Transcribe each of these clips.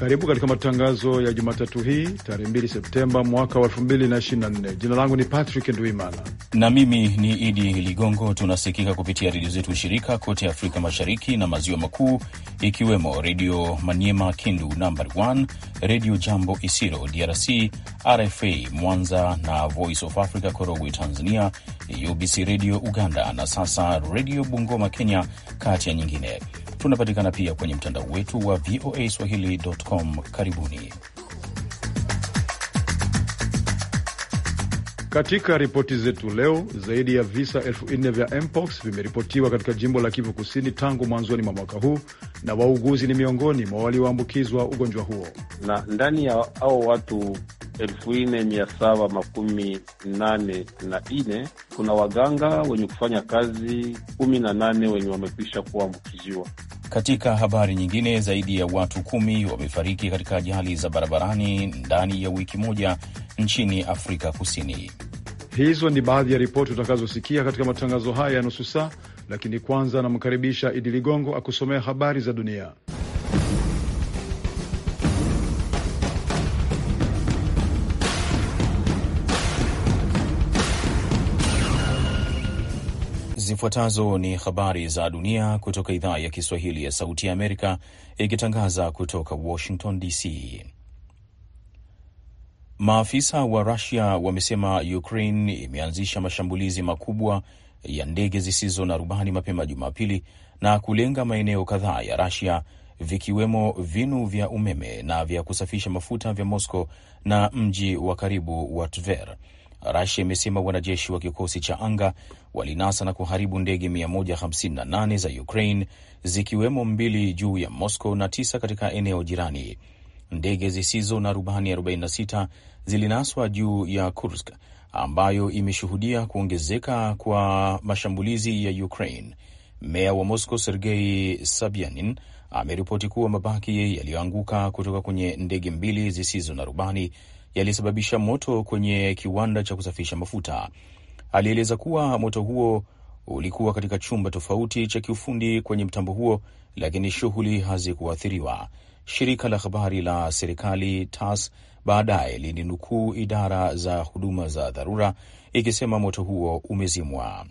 Karibu katika matangazo ya Jumatatu hii tarehe 2 Septemba mwaka wa 2024. Jina langu ni Patrick Nduimana na mimi ni Idi Ligongo. Tunasikika kupitia redio zetu shirika kote Afrika Mashariki na Maziwa Makuu, ikiwemo Redio Maniema Kindu namba 1, Redio Jambo Isiro DRC, RFA Mwanza na Voice of Africa Korogwe Tanzania, UBC Redio Uganda na sasa Redio Bungoma Kenya, kati ya nyingine. Tunapatikana pia kwenye mtandao wetu wa VOA Swahili.com. Karibuni. Katika ripoti zetu leo, zaidi ya visa elfu nne vya mpox vimeripotiwa katika jimbo la Kivu Kusini tangu mwanzoni mwa mwaka huu, na wauguzi ni miongoni mwa walioambukizwa ugonjwa huo. Na ndani ya hao watu elfu nne mia saba makumi nane na nne kuna waganga wenye kufanya kazi kumi na nane wenye wamekwisha kuambukiziwa. Katika habari nyingine, zaidi ya watu kumi wamefariki katika ajali za barabarani ndani ya wiki moja nchini Afrika Kusini. Hizo ni baadhi ya ripoti utakazosikia katika matangazo haya ya nusu saa, lakini kwanza anamkaribisha Idi Ligongo akusomea habari za dunia. Zifuatazo ni habari za dunia kutoka idhaa ya Kiswahili ya Sauti ya Amerika, ikitangaza kutoka Washington DC. Maafisa wa Rusia wamesema Ukraine imeanzisha mashambulizi makubwa ya ndege zisizo na rubani mapema Jumapili na kulenga maeneo kadhaa ya Rusia, vikiwemo vinu vya umeme na vya kusafisha mafuta vya Moscow na mji wa karibu wa Tver Rasia imesema wanajeshi wa kikosi cha anga walinasa na kuharibu ndege 158 za Ukraine, zikiwemo mbili juu ya Moscow na tisa katika eneo jirani. Ndege zisizo na rubani 46 zilinaswa juu ya Kursk, ambayo imeshuhudia kuongezeka kwa mashambulizi ya Ukraine. Meya wa Moscow Sergei Sabianin ameripoti kuwa mabaki yaliyoanguka kutoka kwenye ndege mbili zisizo na rubani yalisababisha moto kwenye kiwanda cha kusafisha mafuta. Alieleza kuwa moto huo ulikuwa katika chumba tofauti cha kiufundi kwenye mtambo huo, lakini shughuli hazikuathiriwa. Shirika la habari la serikali tas baadaye lilinukuu idara za huduma za dharura ikisema moto huo umezimwa.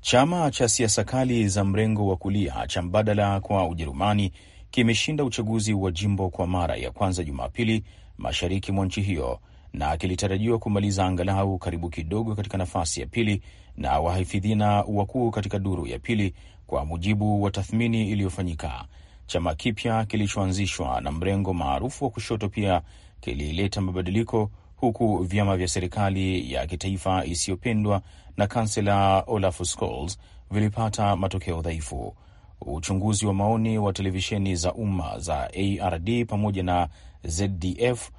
Chama cha siasa kali za mrengo wa kulia cha Mbadala kwa Ujerumani kimeshinda uchaguzi wa jimbo kwa mara ya kwanza Jumapili, mashariki mwa nchi hiyo na kilitarajiwa kumaliza angalau karibu kidogo katika nafasi ya pili na wahifidhina wakuu katika duru ya pili, kwa mujibu wa tathmini iliyofanyika. Chama kipya kilichoanzishwa na mrengo maarufu wa kushoto pia kilileta mabadiliko, huku vyama vya serikali ya kitaifa isiyopendwa na kansela Olaf Scholz vilipata matokeo dhaifu. Uchunguzi wa maoni wa televisheni za umma za ARD pamoja na ZDF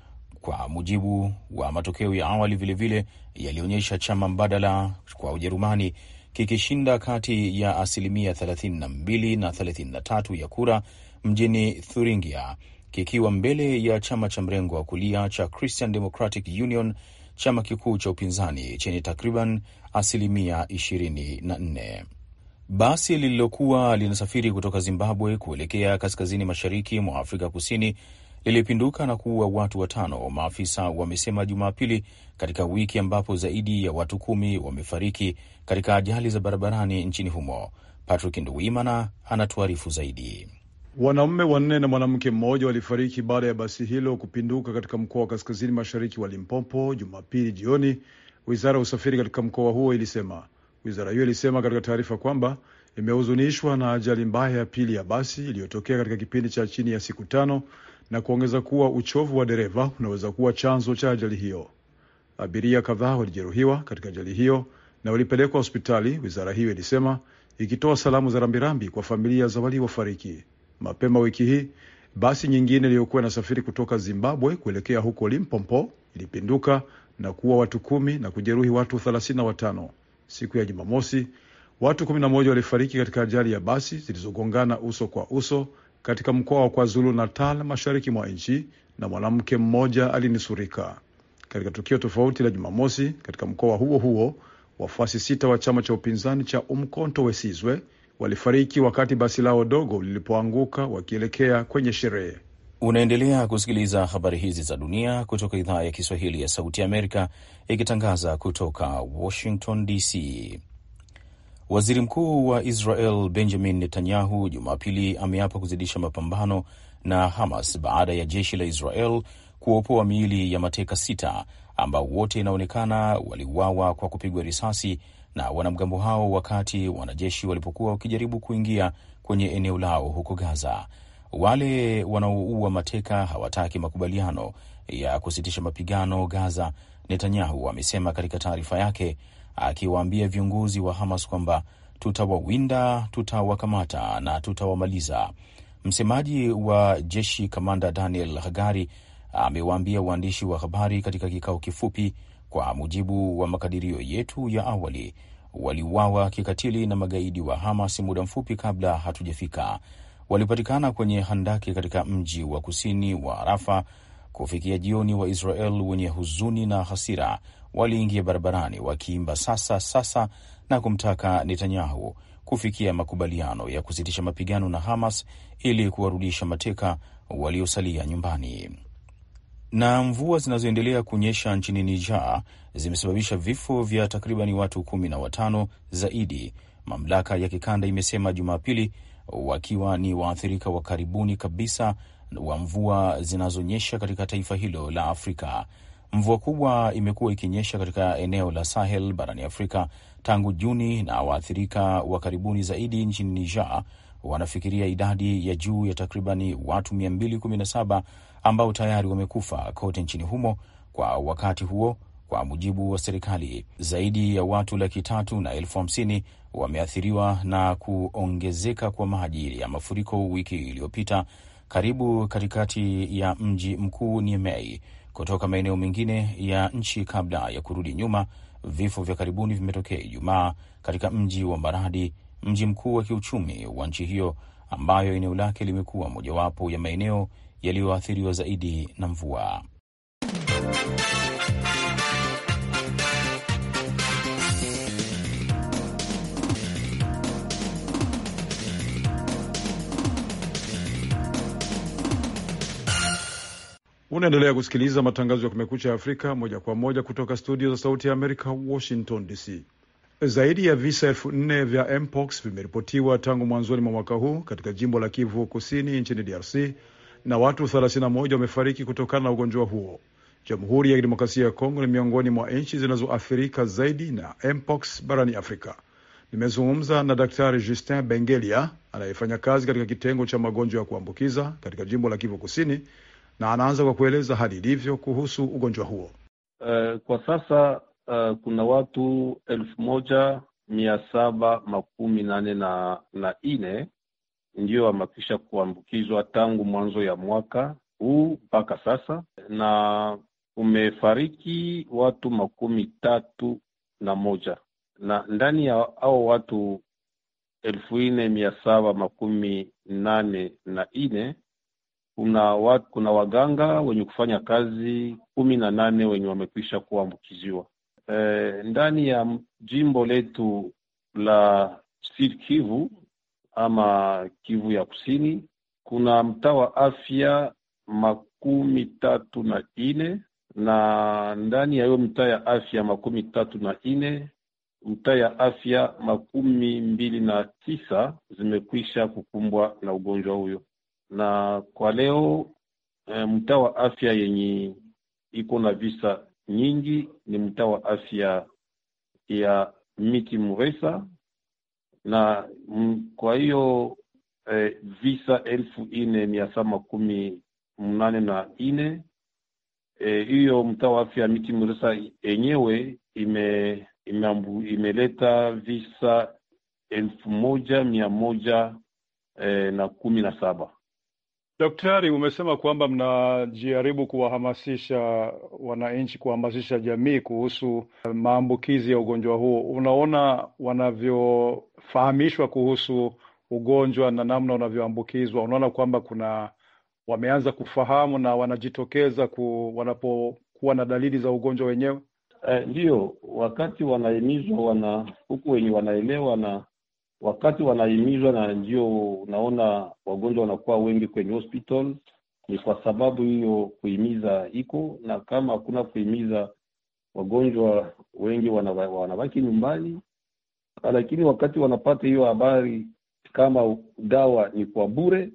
kwa mujibu wa matokeo ya awali vilevile yalionyesha chama mbadala kwa Ujerumani kikishinda kati ya asilimia 32 na 33 ya kura mjini Thuringia, kikiwa mbele ya chama cha mrengo wa kulia cha Christian Democratic Union, chama kikuu cha upinzani chenye takriban asilimia 24. Basi lililokuwa linasafiri kutoka Zimbabwe kuelekea kaskazini mashariki mwa Afrika Kusini ilipinduka na kuua watu watano, maafisa wamesema Jumapili, katika wiki ambapo zaidi ya watu kumi wamefariki katika ajali za barabarani nchini humo. Patrick Nduwimana anatuarifu zaidi. Wanaume wanne na mwanamke mmoja walifariki baada ya basi hilo kupinduka katika mkoa wa kaskazini mashariki wa Limpopo Jumapili jioni, wizara ya usafiri katika mkoa huo ilisema. Wizara hiyo ilisema katika taarifa kwamba imehuzunishwa na ajali mbaya ya pili ya basi iliyotokea katika kipindi cha chini ya siku tano na kuongeza kuwa uchovu wa dereva unaweza kuwa chanzo cha ajali hiyo. Abiria kadhaa walijeruhiwa katika ajali hiyo na walipelekwa hospitali, wizara hiyo ilisema, ikitoa salamu za rambirambi kwa familia za waliofariki. Mapema wiki hii basi nyingine iliyokuwa inasafiri kutoka Zimbabwe kuelekea huko Limpopo ilipinduka na kuwa watu kumi na kujeruhi watu thelathini na watano. Siku ya Jumamosi watu kumi na moja walifariki katika ajali ya basi zilizogongana uso kwa uso katika mkoa wa KwaZulu Natal, mashariki mwa nchi, na mwanamke mmoja alinusurika katika tukio tofauti la Jumamosi katika mkoa huo huo. Wafuasi sita wa chama cha upinzani cha Umkonto Wesizwe walifariki wakati basi lao dogo lilipoanguka wakielekea kwenye sherehe. Unaendelea kusikiliza habari hizi za dunia kutoka idhaa ya Kiswahili ya Sauti Amerika, ikitangaza kutoka Washington DC. Waziri Mkuu wa Israel Benjamin Netanyahu Jumapili ameapa kuzidisha mapambano na Hamas baada ya jeshi la Israel kuopoa miili ya mateka sita ambao wote inaonekana waliuawa kwa kupigwa risasi na wanamgambo hao wakati wanajeshi walipokuwa wakijaribu kuingia kwenye eneo lao huko Gaza. Wale wanaoua mateka hawataki makubaliano ya kusitisha mapigano Gaza, Netanyahu amesema katika taarifa yake akiwaambia viongozi wa Hamas kwamba tutawawinda, tutawakamata na tutawamaliza. Msemaji wa jeshi Kamanda Daniel Hagari amewaambia waandishi wa habari katika kikao kifupi, kwa mujibu wa makadirio yetu ya awali, waliuawa kikatili na magaidi wa Hamas muda mfupi kabla hatujafika. Walipatikana kwenye handaki katika mji wa kusini wa Rafa kufikia jioni wa Israel wenye huzuni na hasira waliingia barabarani wakiimba sasa sasa na kumtaka Netanyahu kufikia makubaliano ya kusitisha mapigano na Hamas ili kuwarudisha mateka waliosalia nyumbani. Na mvua zinazoendelea kunyesha nchini Niger zimesababisha vifo vya takribani watu kumi na watano zaidi, mamlaka ya kikanda imesema Jumapili, wakiwa ni waathirika wa karibuni kabisa wa mvua zinazonyesha katika taifa hilo la Afrika. Mvua kubwa imekuwa ikinyesha katika eneo la Sahel barani Afrika tangu Juni, na waathirika wa karibuni zaidi nchini Niger wanafikiria idadi ya juu ya takribani watu 217 ambao tayari wamekufa kote nchini humo kwa wakati huo. Kwa mujibu wa serikali, zaidi ya watu laki tatu na elfu hamsini wameathiriwa na kuongezeka kwa maji ya mafuriko wiki iliyopita karibu katikati ya mji mkuu Niamey kutoka maeneo mengine ya nchi kabla ya kurudi nyuma. Vifo vya karibuni vimetokea Ijumaa katika mji wa Maradi, mji mkuu wa kiuchumi wa nchi hiyo, ambayo eneo lake limekuwa mojawapo ya maeneo yaliyoathiriwa zaidi na mvua. Unaendelea kusikiliza matangazo ya Kumekucha Afrika moja kwa moja kutoka studio za Sauti ya Amerika, Washington DC. Zaidi ya visa elfu nne vya mpox vimeripotiwa tangu mwanzoni mwa mwaka huu katika jimbo la Kivu Kusini nchini DRC na watu 31 wamefariki kutokana na ugonjwa huo. Jamhuri ya Kidemokrasia ya Kongo ni miongoni mwa nchi zinazoathirika zaidi na mpox barani Afrika. Nimezungumza na Daktari Justin Bengelia anayefanya kazi katika kitengo cha magonjwa ya kuambukiza katika jimbo la Kivu Kusini na anaanza kwa kueleza hali ilivyo kuhusu ugonjwa huo. Uh, kwa sasa uh, kuna watu elfu moja mia saba makumi nane na na nne ndio wamekisha kuambukizwa tangu mwanzo ya mwaka huu mpaka sasa, na umefariki watu makumi tatu na moja na ndani ya hao watu elfu nne mia saba makumi nane na nne kuna wa, kuna waganga wenye kufanya kazi kumi na nane wenye wamekwisha kuambukiziwa e, eh, ndani ya jimbo letu la Sud Kivu ama Kivu ya Kusini, kuna mtaa wa afya makumi tatu na nne na ndani ya hiyo mtaa ya afya makumi tatu na nne mtaa ya afya makumi mbili na tisa zimekwisha kukumbwa na ugonjwa huyo na kwa leo e, mtaa wa afya yenye iko na visa nyingi ni mtaa wa afya ya Miti Muresa, na m, kwa hiyo e, visa elfu ine mia saba makumi mnane na ine eh, hiyo. E, mtaa wa afya ya Miti Muresa yenyewe ime, imeleta visa elfu moja mia moja e, na kumi na saba Daktari, umesema kwamba mnajaribu kuwahamasisha wananchi, kuhamasisha jamii kuhusu eh, maambukizi ya ugonjwa huo. Unaona wanavyofahamishwa kuhusu ugonjwa na namna unavyoambukizwa, unaona kwamba kuna wameanza kufahamu na wanajitokeza ku, wanapokuwa na dalili za ugonjwa wenyewe? Ndiyo, eh, wakati wanahimizwa wana huku wenye wanaelewa na wakati wanahimizwa, na ndio unaona wagonjwa wanakuwa wengi kwenye hospital, ni kwa sababu hiyo kuhimiza iko, na kama hakuna kuhimiza, wagonjwa wengi wanabaki nyumbani. Lakini wakati wanapata hiyo habari kama dawa ni kwa bure,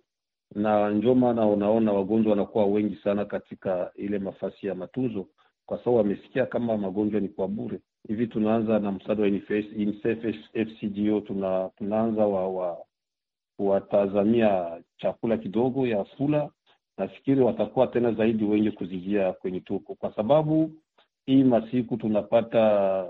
na ndio maana unaona wagonjwa wanakuwa wengi sana katika ile mafasi ya matunzo, kwa sababu wamesikia kama magonjwa ni kwa bure hivi tunaanza na msaada wa UNICEF FCDO, tuna tunaanza wa, wa kuwatazamia chakula kidogo ya fula Nafikiri watakuwa tena zaidi wengi kuzijia kwenye tuko, kwa sababu hii masiku tunapata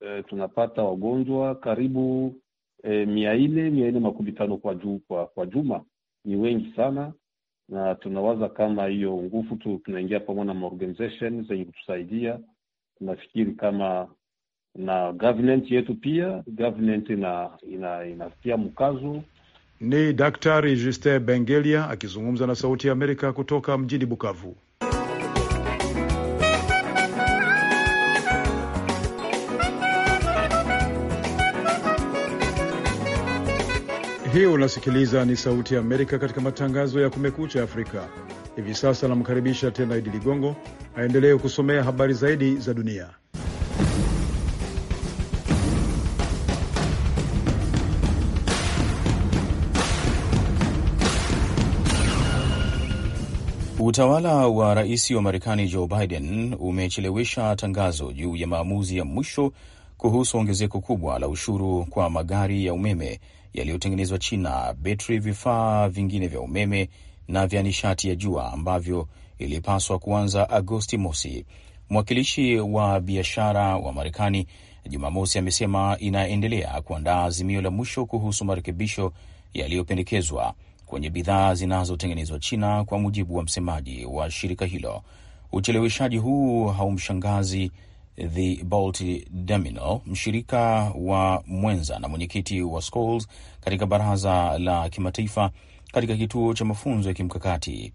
e, tunapata wagonjwa karibu e, mia nne mia nne makumi tano kwa juu kwa, kwa juma ni wengi sana, na tunawaza kama hiyo nguvu tu tunaingia pamoja na organization zenye kutusaidia tunafikiri kama na government yetu pia government ina, ina, inatia mkazo. Ni Daktari Justin Bengelia akizungumza na Sauti ya Amerika kutoka mjini Bukavu. Hii unasikiliza ni Sauti ya Amerika katika matangazo ya Kumekucha Afrika. Hivi sasa namkaribisha tena Idi Ligongo aendelee kusomea habari zaidi za dunia. Utawala wa rais wa Marekani Joe Biden umechelewesha tangazo juu ya maamuzi ya mwisho kuhusu ongezeko kubwa la ushuru kwa magari ya umeme yaliyotengenezwa China, betri, vifaa vingine vya umeme na vya nishati ya jua ambavyo ilipaswa kuanza Agosti mosi. Mwakilishi wa biashara wa Marekani Jumamosi amesema inaendelea kuandaa azimio la mwisho kuhusu marekebisho yaliyopendekezwa kwenye bidhaa zinazotengenezwa China, kwa mujibu wa msemaji wa shirika hilo. Ucheleweshaji huu haumshangazi The Domino, mshirika wa mwenza na mwenyekiti wa Scholes katika baraza la kimataifa katika kituo cha mafunzo ya kimkakati.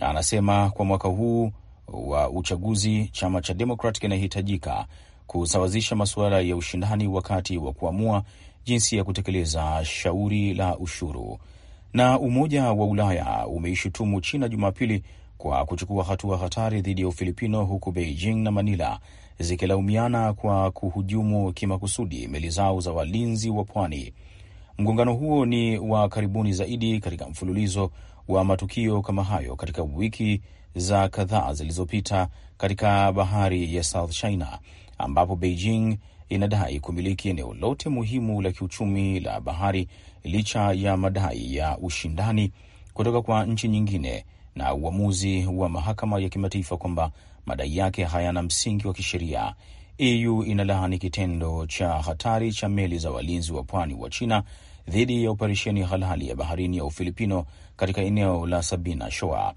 Anasema kwa mwaka huu wa uchaguzi chama cha Demokrat kinahitajika kusawazisha masuala ya ushindani wakati wa kuamua jinsi ya kutekeleza shauri la ushuru. Na Umoja wa Ulaya umeishutumu China Jumapili kwa kuchukua hatua hatari dhidi ya Ufilipino, huku Beijing na Manila zikilaumiana kwa kuhujumu kimakusudi meli zao za walinzi wa pwani. Mgongano huo ni wa karibuni zaidi katika mfululizo wa matukio kama hayo katika wiki za kadhaa zilizopita katika bahari ya South China, ambapo Beijing inadai kumiliki eneo lote muhimu la kiuchumi la bahari licha ya madai ya ushindani kutoka kwa nchi nyingine na uamuzi wa mahakama ya kimataifa kwamba madai yake hayana msingi wa kisheria. EU inalaani kitendo cha hatari cha meli za walinzi wa pwani wa China dhidi ya operesheni halali ya baharini ya Ufilipino katika eneo la Sabina Shoa.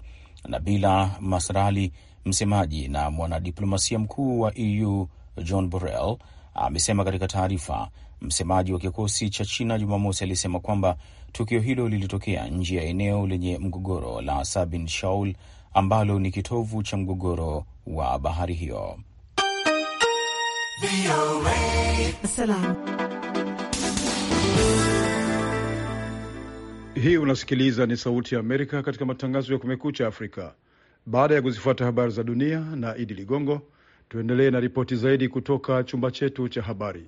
Nabila Masrali, msemaji na mwanadiplomasia mkuu wa EU John Borrell, amesema katika taarifa. Msemaji wa kikosi cha China Jumamosi alisema kwamba tukio hilo lilitokea nje ya eneo lenye mgogoro la Sabin Shaul ambalo ni kitovu cha mgogoro wa bahari hiyo. Hii unasikiliza ni Sauti ya Amerika katika matangazo ya Kumekucha Afrika. Baada ya kuzifuata habari za dunia na Idi Ligongo, tuendelee na ripoti zaidi kutoka chumba chetu cha habari.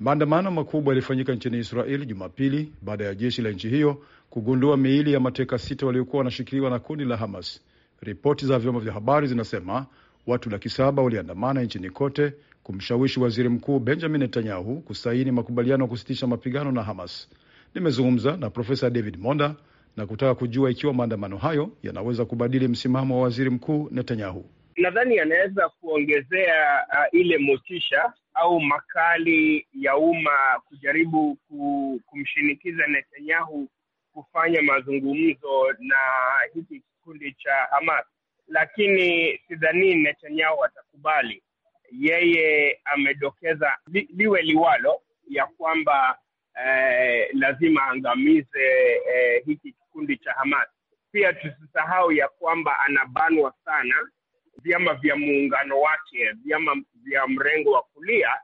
Maandamano makubwa yalifanyika nchini Israeli Jumapili baada ya jeshi la nchi hiyo kugundua miili ya mateka sita waliokuwa wanashikiliwa na kundi la Hamas. Ripoti za vyombo vya habari zinasema watu laki saba waliandamana nchini kote kumshawishi waziri mkuu Benjamin Netanyahu kusaini makubaliano ya kusitisha mapigano na Hamas. Nimezungumza na Profesa David Monda na kutaka kujua ikiwa maandamano hayo yanaweza kubadili msimamo wa waziri mkuu Netanyahu. Nadhani yanaweza kuongezea uh, ile motisha au makali ya umma kujaribu kumshinikiza Netanyahu kufanya mazungumzo na hiki kikundi cha Hamas, lakini sidhani Netanyahu atakubali. Yeye amedokeza liwe liwalo ya kwamba eh, lazima aangamize eh, hiki kikundi cha Hamas. Pia tusisahau ya kwamba anabanwa sana vyama vya muungano wake, vyama vya mrengo wa kulia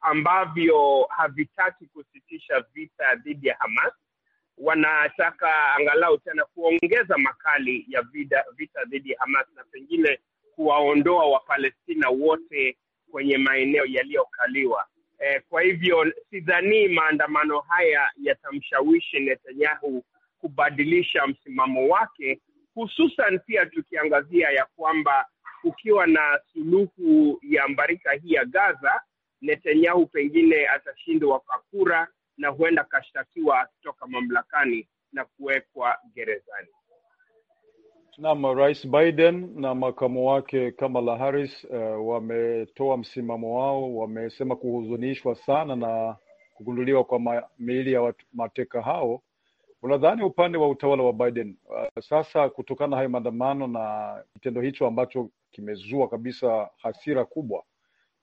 ambavyo havitaki kusitisha vita dhidi ya Hamas. Wanataka angalau tena kuongeza makali ya vida, vita dhidi ya Hamas na pengine kuwaondoa Wapalestina wote kwenye maeneo yaliyokaliwa. Eh, kwa hivyo sidhanii maandamano haya yatamshawishi Netanyahu kubadilisha msimamo wake, hususan pia tukiangazia ya kwamba kukiwa na suluhu ya mbarika hii ya Gaza, Netanyahu pengine atashindwa kwa kura na huenda akashtakiwa akitoka mamlakani na kuwekwa gerezani. Naam, Rais Biden na makamu wake Kamala Harris uh, wametoa msimamo wao, wamesema kuhuzunishwa sana na kugunduliwa kwa miili ya mateka hao. Unadhani upande wa utawala wa Biden uh, sasa kutokana na hayo maandamano na kitendo hicho ambacho kimezua kabisa hasira kubwa,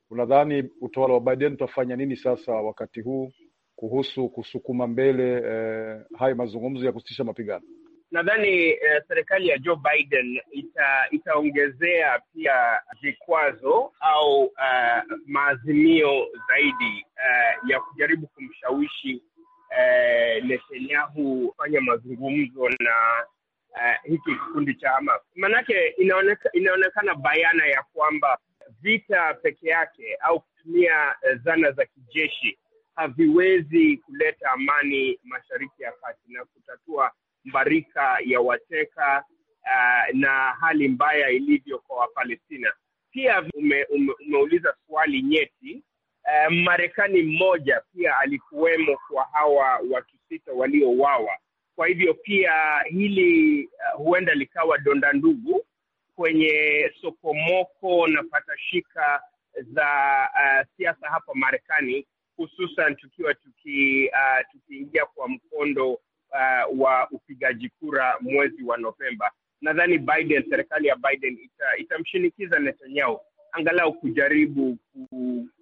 unadhani utawala wa Biden utafanya nini sasa wakati huu kuhusu kusukuma mbele eh, hayo mazungumzo ya kusitisha mapigano? nadhani uh, serikali ya Joe Biden ita, itaongezea pia vikwazo au uh, maazimio zaidi uh, ya kujaribu kumshawishi uh, Netanyahu kufanya mazungumzo na uh, hiki kikundi cha Hamas. Maanake inaoneka, inaonekana bayana ya kwamba vita peke yake au kutumia zana za kijeshi haviwezi kuleta amani Mashariki ya Kati na kutatua mbarika ya wateka uh, eh, na hali mbaya ilivyo kwa Wapalestina. Pia ume, ume, umeuliza swali nyeti. Uh, Marekani mmoja pia alikuwemo kwa hawa watu sita waliowawa Kwa hivyo pia hili uh, huenda likawa donda ndugu kwenye sokomoko na patashika za uh, siasa hapa Marekani, hususan tukiwa tukiingia uh, tuki kwa mkondo uh, wa upigaji kura mwezi wa Novemba. Nadhani Biden, serikali ya Biden ita, itamshinikiza Netanyahu angalau kujaribu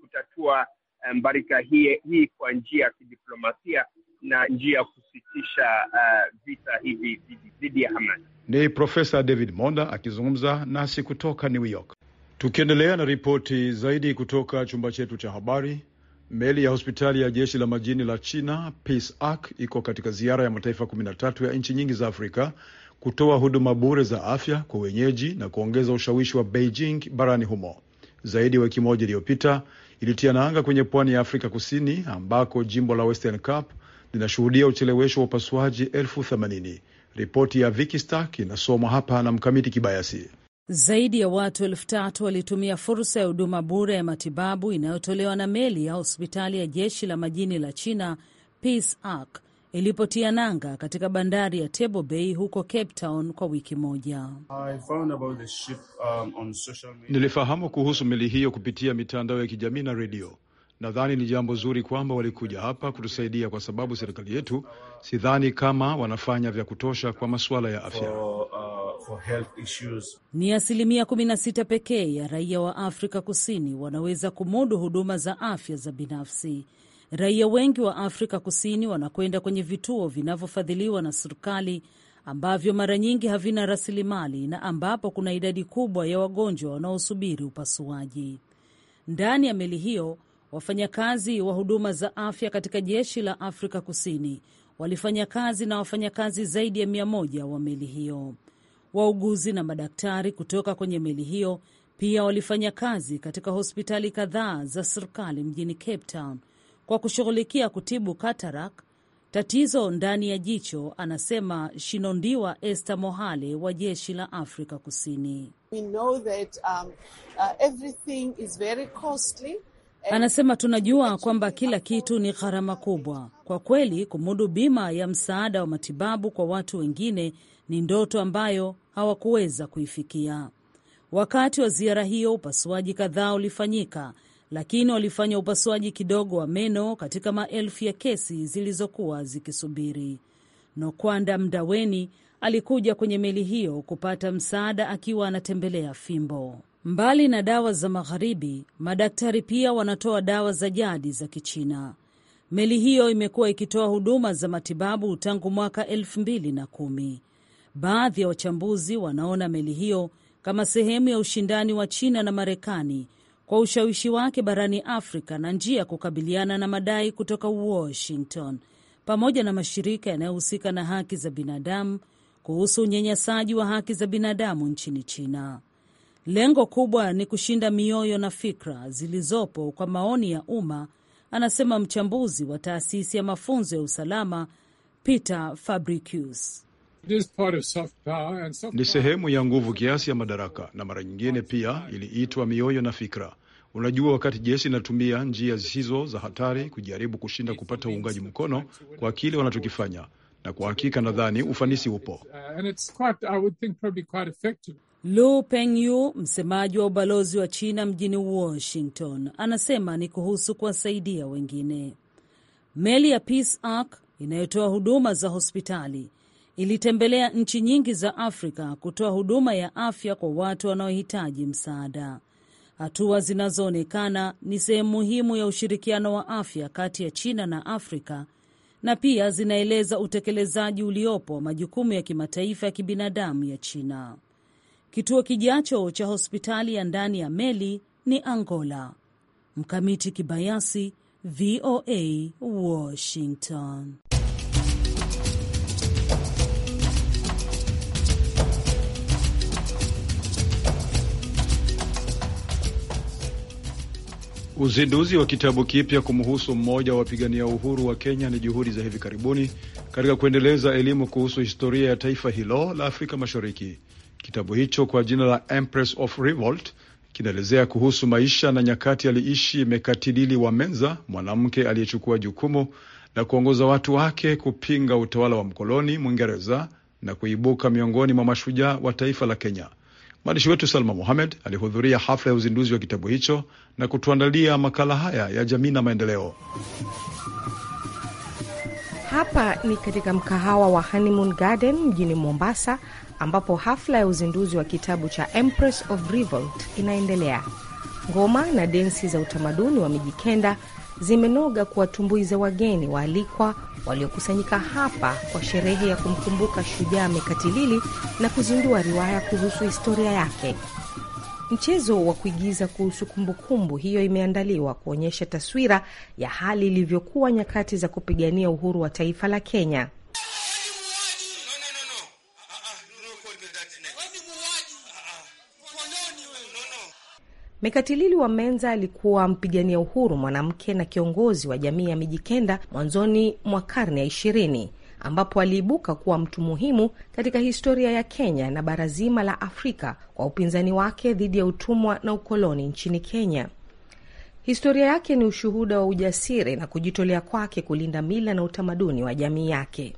kutatua mbarika um, hii, hii kwa njia ya kidiplomasia na njia ya kusitisha uh, vita hivi dhidi ya Hamas. Ni Profesa David Monda akizungumza nasi kutoka New York. Tukiendelea na ripoti zaidi kutoka chumba chetu cha habari, Meli ya hospitali ya jeshi la majini la China Peace Ark iko katika ziara ya mataifa 13 ya nchi nyingi za Afrika kutoa huduma bure za afya kwa wenyeji na kuongeza ushawishi wa Beijing barani humo. Zaidi ya wiki moja iliyopita ilitia nanga kwenye pwani ya Afrika Kusini ambako jimbo la Western Cape linashuhudia uchelewesho wa upasuaji elfu themanini. Ripoti ya Vicky Stark inasomwa hapa na Mkamiti Kibayasi. Zaidi ya watu elfu tatu walitumia fursa ya huduma bure ya matibabu inayotolewa na meli ya hospitali ya jeshi la majini la China Peace Ark ilipotia nanga katika bandari ya Table Bay huko Cape Town kwa wiki moja. Ship, um, nilifahamu kuhusu meli hiyo kupitia mitandao ya kijamii na redio. Nadhani ni jambo zuri kwamba walikuja hapa kutusaidia, kwa sababu serikali yetu sidhani kama wanafanya vya kutosha kwa masuala ya afya. For, uh, for health issues. Ni asilimia 16 pekee ya raia wa Afrika Kusini wanaweza kumudu huduma za afya za binafsi. Raia wengi wa Afrika Kusini wanakwenda kwenye vituo vinavyofadhiliwa na serikali ambavyo mara nyingi havina rasilimali na ambapo kuna idadi kubwa ya wagonjwa wanaosubiri upasuaji. Ndani ya meli hiyo, wafanyakazi wa huduma za afya katika jeshi la Afrika Kusini walifanya kazi na wafanyakazi zaidi ya mia moja wa meli hiyo. Wauguzi na madaktari kutoka kwenye meli hiyo pia walifanya kazi katika hospitali kadhaa za serikali mjini Cape Town kwa kushughulikia kutibu katarak, tatizo ndani ya jicho, anasema Shinondiwa Esther Mohale wa jeshi la Afrika Kusini. We know that, um, uh, is very costly. Anasema tunajua kwamba kila kitu ni gharama kubwa. Kwa kweli, kumudu bima ya msaada wa matibabu kwa watu wengine ni ndoto ambayo hawakuweza kuifikia. Wakati wa ziara hiyo, upasuaji kadhaa ulifanyika, lakini walifanya upasuaji kidogo wa meno katika maelfu ya kesi zilizokuwa zikisubiri. Nokwanda Mdaweni alikuja kwenye meli hiyo kupata msaada akiwa anatembelea fimbo. Mbali na dawa za magharibi, madaktari pia wanatoa dawa za jadi za Kichina. Meli hiyo imekuwa ikitoa huduma za matibabu tangu mwaka elfu mbili na kumi. Baadhi ya wachambuzi wanaona meli hiyo kama sehemu ya ushindani wa China na Marekani kwa ushawishi wake barani Afrika na njia ya kukabiliana na madai kutoka Washington pamoja na mashirika yanayohusika na haki za binadamu kuhusu unyanyasaji wa haki za binadamu nchini China. Lengo kubwa ni kushinda mioyo na fikra zilizopo kwa maoni ya umma, anasema mchambuzi wa taasisi ya mafunzo ya usalama Peter Fabricius. Ni sehemu ya nguvu kiasi ya madaraka, na mara nyingine pia iliitwa mioyo na fikra. Unajua, wakati jeshi linatumia njia zisizo za hatari kujaribu kushinda kupata uungaji mkono kwa kile wanachokifanya, na kwa hakika nadhani ufanisi upo. Uh, Lu Pengyu, msemaji wa ubalozi wa China mjini Washington, anasema ni kuhusu kuwasaidia wengine. Meli ya Peace Ark inayotoa huduma za hospitali ilitembelea nchi nyingi za Afrika kutoa huduma ya afya kwa watu wanaohitaji msaada. Hatua zinazoonekana ni sehemu muhimu ya ushirikiano wa afya kati ya China na Afrika na pia zinaeleza utekelezaji uliopo wa majukumu ya kimataifa ya kibinadamu ya China. Kituo kijacho cha hospitali ya ndani ya meli ni Angola. Mkamiti Kibayasi, VOA, Washington. Uzinduzi wa kitabu kipya kumhusu mmoja wa wapigania uhuru wa Kenya ni juhudi za hivi karibuni katika kuendeleza elimu kuhusu historia ya taifa hilo la Afrika Mashariki. Kitabu hicho kwa jina la Empress of Revolt kinaelezea kuhusu maisha na nyakati aliishi Mekatilili wa Menza, mwanamke aliyechukua jukumu na kuongoza watu wake kupinga utawala wa mkoloni Mwingereza na kuibuka miongoni mwa mashujaa wa taifa la Kenya. Mwandishi wetu Salma Mohamed alihudhuria hafla ya uzinduzi wa kitabu hicho na kutuandalia makala haya ya jamii na maendeleo. Hapa ni katika mkahawa wa Honeymoon Garden mjini Mombasa, ambapo hafla ya uzinduzi wa kitabu cha Empress of Revolt inaendelea. Ngoma na densi za utamaduni wa Mijikenda zimenoga kuwatumbuiza wageni waalikwa waliokusanyika hapa kwa sherehe ya kumkumbuka shujaa Mekatilili na kuzindua riwaya kuhusu historia yake. Mchezo wa kuigiza kuhusu kumbukumbu hiyo imeandaliwa kuonyesha taswira ya hali ilivyokuwa nyakati za kupigania uhuru wa taifa la Kenya. Mekatilili wa Menza alikuwa mpigania uhuru mwanamke na kiongozi wa jamii ya Mijikenda mwanzoni mwa karne ya ishirini ambapo aliibuka kuwa mtu muhimu katika historia ya Kenya na bara zima la Afrika kwa upinzani wake dhidi ya utumwa na ukoloni nchini Kenya. Historia yake ni ushuhuda wa ujasiri na kujitolea kwake kulinda mila na utamaduni wa jamii yake.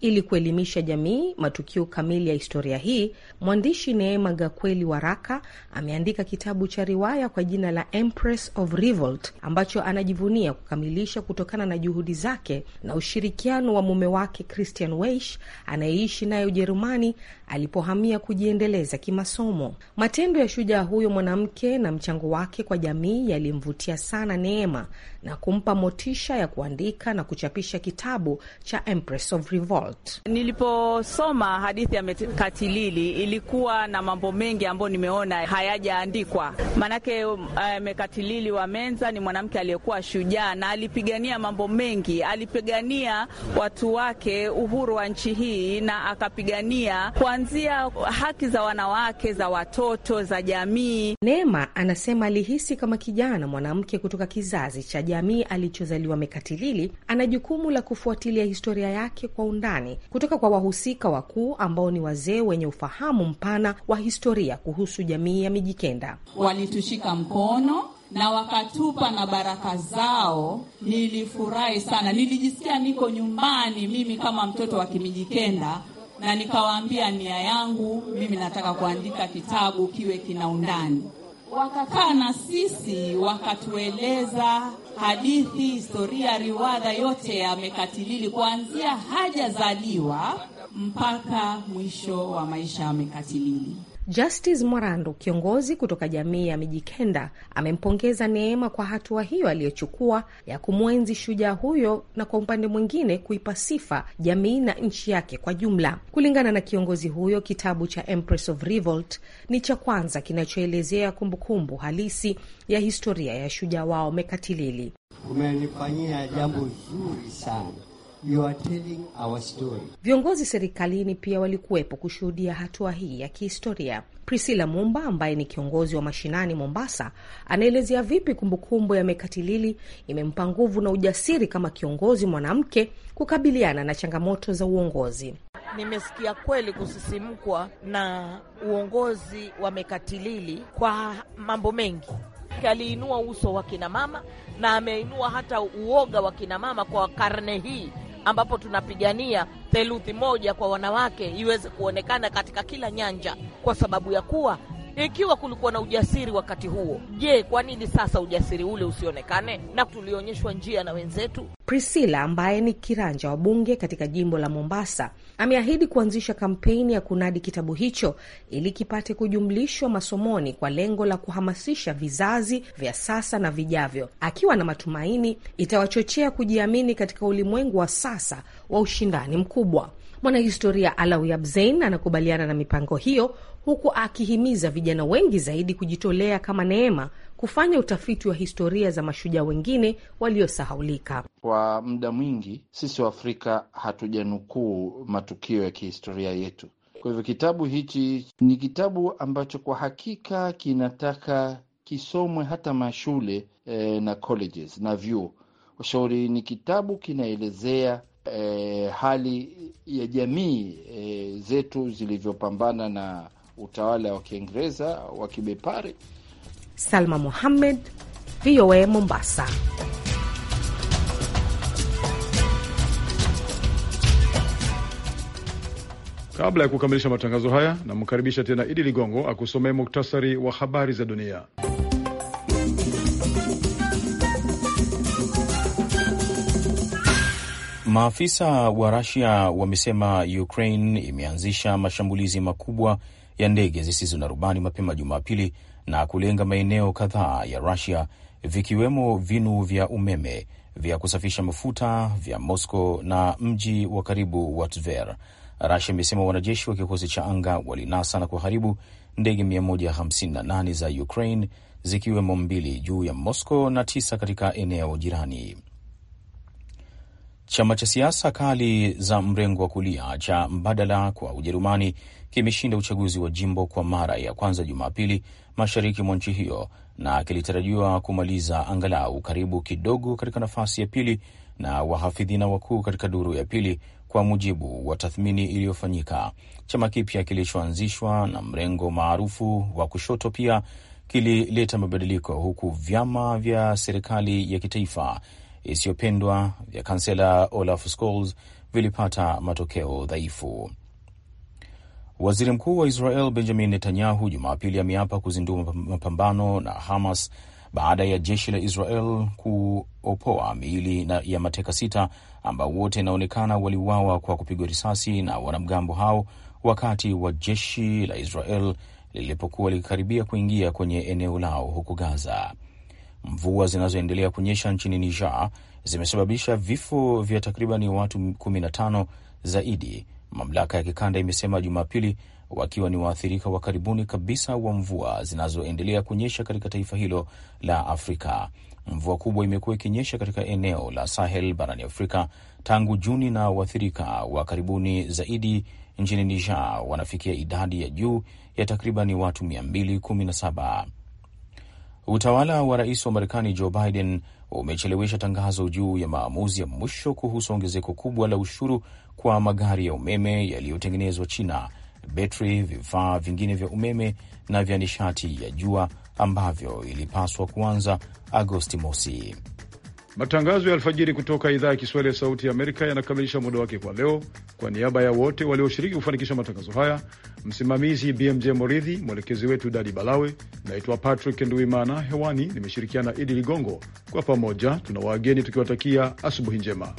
Ili kuelimisha jamii matukio kamili ya historia hii, mwandishi Neema Gakweli Waraka ameandika kitabu cha riwaya kwa jina la Empress of Revolt ambacho anajivunia kukamilisha kutokana na juhudi zake na ushirikiano wa mume wake Christian Weish anayeishi naye Ujerumani alipohamia kujiendeleza kimasomo. Matendo ya shujaa huyo mwanamke na mchango wake kwa jamii yalimvutia sana Neema na kumpa motisha ya kuandika na kuchapisha kitabu cha Empress of Revolt. World. Niliposoma hadithi ya Mekatilili ilikuwa na mambo mengi ambayo nimeona hayajaandikwa, maanake uh, eh, Mekatilili wa Menza ni mwanamke aliyekuwa shujaa na alipigania mambo mengi, alipigania watu wake, uhuru wa nchi hii, na akapigania kuanzia haki za wanawake, za watoto, za jamii. Neema anasema alihisi kama kijana mwanamke kutoka kizazi cha jamii alichozaliwa Mekatilili ana jukumu la kufuatilia historia yake kwa undani Marekani kutoka kwa wahusika wakuu ambao ni wazee wenye ufahamu mpana wa historia kuhusu jamii ya Mijikenda. Walitushika mkono na wakatupa na baraka zao. Nilifurahi sana, nilijisikia niko nyumbani mimi kama mtoto wa Kimijikenda, na nikawaambia nia yangu, mimi nataka kuandika kitabu kiwe kina undani. Wakakaa na sisi wakatueleza hadithi, historia, riwadha yote mekatilili kuanzia hajazaliwa mpaka mwisho wa maisha mekatilili Justice Mwarandu, kiongozi kutoka jamii ya Mijikenda, amempongeza Neema kwa hatua hiyo aliyochukua ya kumwenzi shujaa huyo na kwa upande mwingine kuipa sifa jamii na nchi yake kwa jumla. Kulingana na kiongozi huyo, kitabu cha Empress of Revolt ni cha kwanza kinachoelezea kumbukumbu halisi ya historia ya shujaa wao Mekatilili. Umenifanyia jambo zuri sana You are telling our story. Viongozi serikalini pia walikuwepo kushuhudia hatua hii ya kihistoria. Priscilla Mumba ambaye ni kiongozi wa mashinani Mombasa, anaelezea vipi kumbukumbu ya Mekatilili imempa nguvu na ujasiri kama kiongozi mwanamke kukabiliana na changamoto za uongozi. Nimesikia kweli kusisimkwa na uongozi wa Mekatilili kwa mambo mengi aliinua uso wa kinamama na ameinua hata uoga wa kinamama kwa karne hii ambapo tunapigania theluthi moja kwa wanawake iweze kuonekana katika kila nyanja, kwa sababu ya kuwa ikiwa kulikuwa na ujasiri wakati huo, je, kwa nini sasa ujasiri ule usionekane? Na tulionyeshwa njia na wenzetu. Priscilla ambaye ni kiranja wa bunge katika jimbo la Mombasa Ameahidi kuanzisha kampeni ya kunadi kitabu hicho ili kipate kujumlishwa masomoni kwa lengo la kuhamasisha vizazi vya sasa na vijavyo, akiwa na matumaini itawachochea kujiamini katika ulimwengu wa sasa wa ushindani mkubwa. Mwanahistoria Alawi Abzein anakubaliana na mipango hiyo huku akihimiza vijana wengi zaidi kujitolea kama neema kufanya utafiti wa historia za mashujaa wengine waliosahaulika. Kwa muda mwingi sisi Waafrika hatujanukuu matukio ya kihistoria yetu. Kwa hivyo kitabu hichi ni kitabu ambacho kwa hakika kinataka kisomwe hata mashule eh, na colleges na vyuo. Ushauri ni kitabu kinaelezea eh, hali ya jamii eh, zetu zilivyopambana na utawala wa Kiingereza wa kibepari Salma Mohammed, VOA Mombasa. Kabla ya kukamilisha matangazo haya, namkaribisha tena Idi Ligongo akusomee muktasari wa habari za dunia. Maafisa wa Rasia wamesema Ukraine imeanzisha mashambulizi makubwa ya ndege zisizo na rubani mapema Jumapili na kulenga maeneo kadhaa ya Rusia vikiwemo vinu vya umeme vya kusafisha mafuta vya Moscow na mji wa karibu wa Tver. Rusia imesema wanajeshi wa kikosi cha anga walinasa na kuharibu ndege 158 za Ukraine zikiwemo mbili juu ya Moscow na tisa katika eneo jirani. Chama cha siasa kali za mrengo wa kulia cha Mbadala kwa Ujerumani kimeshinda uchaguzi wa jimbo kwa mara ya kwanza Jumapili, mashariki mwa nchi hiyo na kilitarajiwa kumaliza angalau karibu kidogo katika nafasi ya pili na wahafidhina wakuu katika duru ya pili, kwa mujibu wa tathmini iliyofanyika. Chama kipya kilichoanzishwa na mrengo maarufu wa kushoto pia kilileta mabadiliko, huku vyama vya serikali ya kitaifa isiyopendwa vya kansela Olaf Scholz vilipata matokeo dhaifu. Waziri Mkuu wa Israel Benjamin Netanyahu Jumapili ameapa kuzindua mapambano na Hamas baada ya jeshi la Israel kuopoa miili ya mateka sita ambao wote inaonekana waliuawa kwa kupigwa risasi na wanamgambo hao wakati wa jeshi la Israel lilipokuwa likikaribia kuingia kwenye eneo lao huko Gaza. Mvua zinazoendelea kunyesha nchini Niger zimesababisha vifo vya takribani watu 15 zaidi mamlaka ya kikanda imesema Jumapili, wakiwa ni waathirika wa karibuni kabisa wa mvua zinazoendelea kunyesha katika taifa hilo la Afrika. Mvua kubwa imekuwa ikinyesha katika eneo la Sahel barani Afrika tangu Juni, na waathirika wa karibuni zaidi nchini Niger wanafikia idadi ya juu ya takribani watu 217. Utawala wa rais wa Marekani Joe Biden umechelewesha tangazo juu ya maamuzi ya mwisho kuhusu ongezeko kubwa la ushuru kwa magari ya umeme yaliyotengenezwa China, betri, vifaa vingine vya umeme na vya nishati ya jua ambavyo ilipaswa kuanza Agosti mosi. Matangazo ya alfajiri kutoka idhaa ya Kiswahili ya Sauti ya Amerika yanakamilisha muda wake kwa leo. Kwa niaba ya wote walioshiriki kufanikisha matangazo haya, msimamizi BMJ Moridhi, mwelekezi wetu Dadi Balawe, naitwa Patrick Nduimana. Hewani nimeshirikiana Idi Ligongo. Kwa pamoja tuna wageni tukiwatakia asubuhi njema.